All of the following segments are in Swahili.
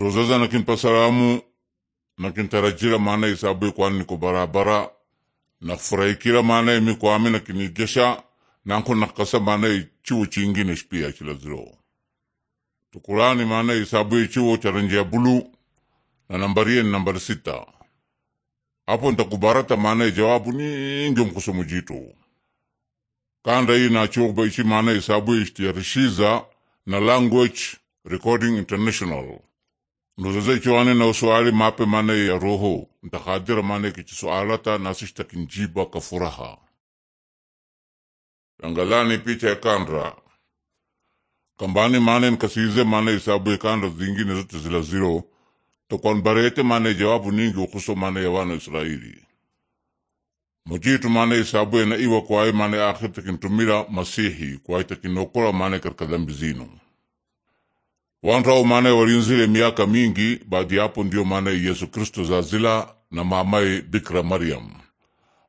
na zaza na nakintarajira maana isabu kwani niko barabara nakufurahikira maana imi na nakinigesha nanko nakasa maana chiwo chingi neshpia chilaziro tukulani maana isabu chiwo cha rangi ya bulu na nambari ni nambari sita hapo ntakubarata maana jawabu nyingi mkusomo jitu kanda hii nachiwokuba ichi maana isabu ishtiarishiza na language recording international Ndozaza ikiwane na uswali mape mane ya roho ntakadira mane kichiswalata nasishta kinjiba ka furaha angalani picha ya kandra kambani mane nkasize mane isabu ya kandra zingine zote zila ziro tokwanbarete mane jawabu ningi ukuso mane ya wana Israeli mujitu mane isabu na iwa kwai mane akhir takintumira masihi kwai takinokora mane karkadhambi zino Wantao maana walinzile miaka mingi baadhi hapo ndio maana Yesu Kristo zazila na mamaye Bikira Mariam.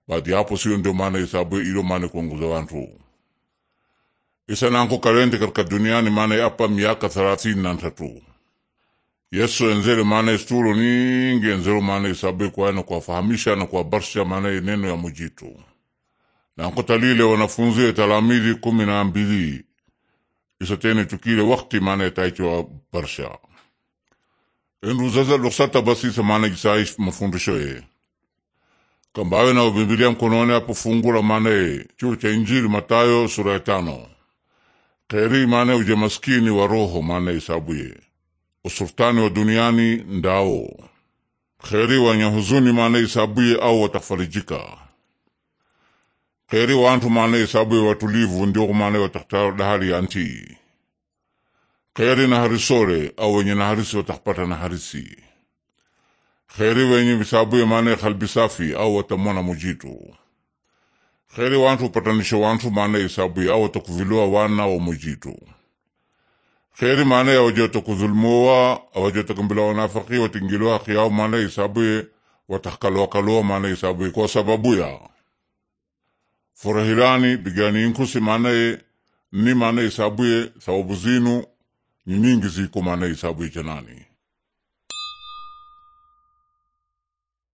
baadhi hapo siyo ndio maana isabue ilo maana kuongoza wantu. Isa nanko kalende katika duniani maana apa miaka thelathini na tatu. Yesu enzele maana isturu ningi enzelo maana isabue kwa na kuwafahamisha na kuwabarsha maana neno ya mujitu. Nanko talile wanafunzi talamidi kumi na mbili isatene tu wakti mana itaichwa barsha enruzaza ruksata basi samana jisai mafundisho ye kambawe na Biblia mkononi hapo fungula manaye chuo e. cha Injili Matayo sura ya tano kheri mane uje maskini wa roho mane isabuye e usultani wa duniani ndao kheri wanyahuzuni mana isabuye e au watafarijika heri wantu maana isabu ya watulivu ndio kumana watakta dahari ya nti heri na harisore au wenye na harisi watakpata na harisi heri wenye visabu ya maana kalbi safi au watamona mujitu heri wantu upatanishe wantu maana isabu ya au watakuvilua wana wa mujitu heri maana ya waje watakudhulumowa wajota kumbila wanafaki watingiliwa haki yao maana isabu ya watakaloakaloa maana isabu ya kwa sababu ya furahirani biganiinkusi manaye ni mana isabuye sababu zinu ni nyingi ziko mana isabuye kenani